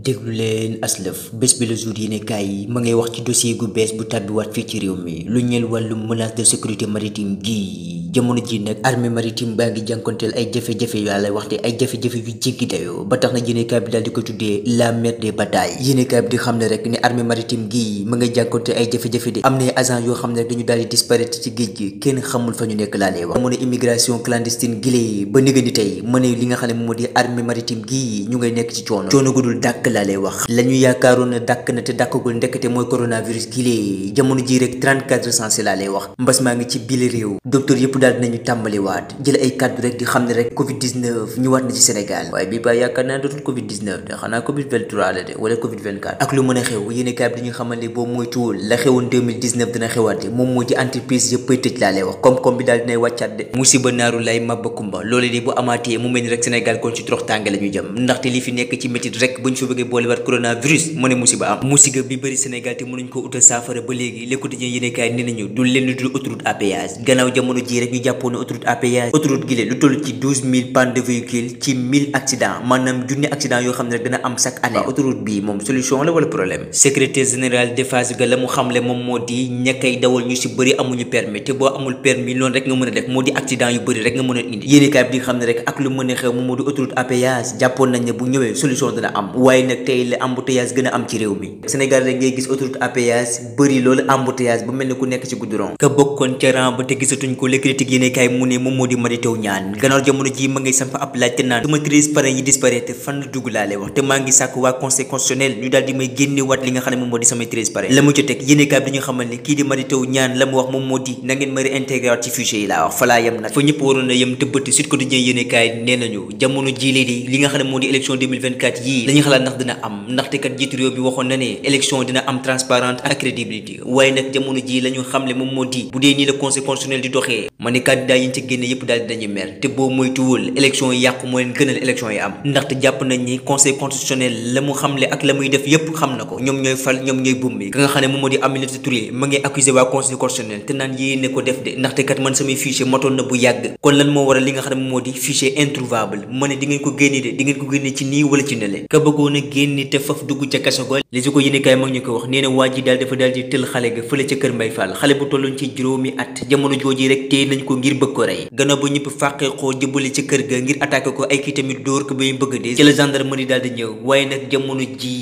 déglu leen aslëf bés bi le jour yéenekaay yi ma ngay wax ci dossier gu bees bu tàbbiwaat fii ci réew mi lu ñeel wàllum menace de sécurité maritime gi jamono ji nag armée maritime baa ngi jànkonteel ay jafe-jafe yu lay wax te ay jafe-jafe yu jéggi dayoo ba tax na yéenekaay bi daal di ko tuddee la mer des batailles yéenekaay bi di xam ne rek ne armée maritime gii ma ngay jànkonteel ay jafe-jafe de am na agent yoo xam ne rek dañu daal di ci géej gi kenn xamul fa ñu nekk laa wax amoon immigration clandestine gi ba néga ni tey më nga xam ne moo di armée maritime gi ñu ngay nekk ci coono coono dàkk laa lay wax la yaakaaroon ne na te dàkkagul ndekete mooy coronavirus gilée jamono ji rek 34 recensés laa lay wax mbas maa ngi ci biir réew docteur yëpp daal dinañu tàmbaliwaat jël ay kàddu di xam ne rek covid 19 ñëwaat na ci Sénégal waaye bii baa yaakaar naa dootul covid 19 de xanaa covid 23 de wala covid 24 ak lu mën a xew yéene kaay bi dañu xamal ne boo moytuwul la xewoon dina xewaat moom moo di entreprise bëggee coronavirus mu ne musiba am musiga bi bëri Sénégal te mënuñ ko utal saafara ba léegi Le Quotidien yéenekaay nañu du lenn du autoroute à gannaaw jamono ji rek ñu jàppoon autoroute am autoroute bi moom solution la wala problème secrétaire général Déphase ga la mu xamle moom moo di ña koy dawal ñu si bëri amuñu permis te boo amul permis loolu rek nga mën a moo di accident yu bëri rek nga mën indi yéenekaay bi nga xam ne rek ak lu mën xew moo di waaye te fan dugg laa lay wax te maa ngi sàkk waa conseil constitutionnel ñu daal may génne waat li nga xam ne moom moo di sama treize la mu ca teg yéene kaay bi dañu xamal ne kii di Mary Teuw Niane la mu wax moom moo di na ngeen ma réintégré waat ci fichier yi laa wax falaa yem nag fa ñëpp waroon a yem tëbbati Sud Quotidien yéene kaay nee nañu jamono ji lii di li nga xam ne moo di élection 2024 yii lañu xalaat ndax dina am ndaxte kat jiitu réew bi waxoon na ne élection dina am transparente ak crédibilité waaye nag jamono ji la ñu xamle moom moo di bu dee nii la conseil constitutionnel di doxee ma ni candidat yi ñu ci génne yépp daal dinañu mer te boo moytuwul élection yi yàqu moo leen gënal élection yi am ndaxte jàpp nañ ni conseil constitutionnel la mu xamle ak la muy def yépp xam na ko ñoom ñooy fal ñoom ñooy bumbi ka nga xam ne moom moo di Aminata Touré ma ngi accusé waa conseil constitutionnel te naan yéene ko def de ndaxte kat man samay fichier motoon na bu yàgg kon lan moo waral li nga xam ne moom moo di fichier introuvable ma ne di ngeen ko a génne te faf dugg ca kaso ga ko yéene kaay mag ñu ko wax nee na nañ ko ngir bëgg ko rey gannaaw ba ñëpp fàqee xoo jëbali ci kër ga ngir attaqué ko ay kii tamit dóor ko bay bëgg dee ci la gendarmerie daal di ñëw waaye nag jamono ji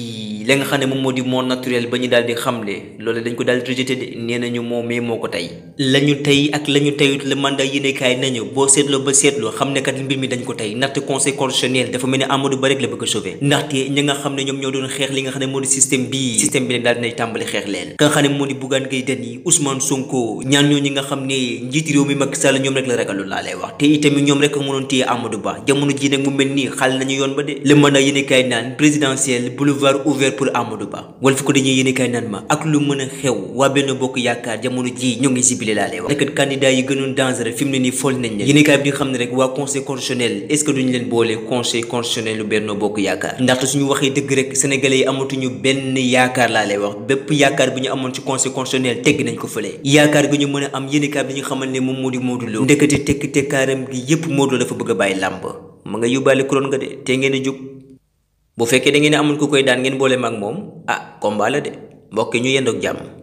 li nga xam ne moom moo di monde naturel ba ñu daal di xamle loolu dañ ko daal di rejeté de nee nañu moom mais moo ko tey lañu tey ak lañu teyut le mandat yéenekaay nañu boo seetloo ba seetloo xam ne kat mbir mi dañ ko tey ndaxte conseil constitutionnel dafa mel ne Amadou Ba rek la bëgg a sauver ndaxte ñi nga xam ne ñoom ñoo doon xeex li nga xam ne moo di système bii système bi ne daal dinay tàmbali xeex leen ka nga xam ne moo di Bougane Gueye Dany Ousmane Sonko ñaan ñoo ñi nga xam ne njiiti réew mi Macky Sall ñoom rek la ragaloon laa lay wax te itamit ñoom rek mënoon téye Amadou Ba jamono ji nag mu mel nii xal nañu yoon ba de le mandat yéenekaay naan présidentiel boulevard ouvert pour Amadou Ba Walf Quotidien yéenekaay naan ma ak lu mën a xew waa benn bokk yaakaar jamono ji ñoo ngi reculé laa lay wax nekkat candidat yi gënoon dangereux fi mu ne nii fol nañ leen yéenekaay bi di xam ne rek waa conseil constitutionnel est duñu leen boole conseil rek sénégalais yi benn yaakaar laa lay wax bépp yaakaar bi ñu amoon ci conseil constitutionnel tegg nañ ko fële yaakaar gi ñu mën a am yéenekaay bi ñu xamal ne moom moo di Modou Lo ndekete tekki tekkaaram gi yépp Modou dafa bëgg a bàyyi làmb ma nga yóbbaale kuroon nga de te ngeen a bu fekkee da ngeen a amul ku koy daan ngeen boole mag moom ah combat la de mbokk ñu yendoog jàmm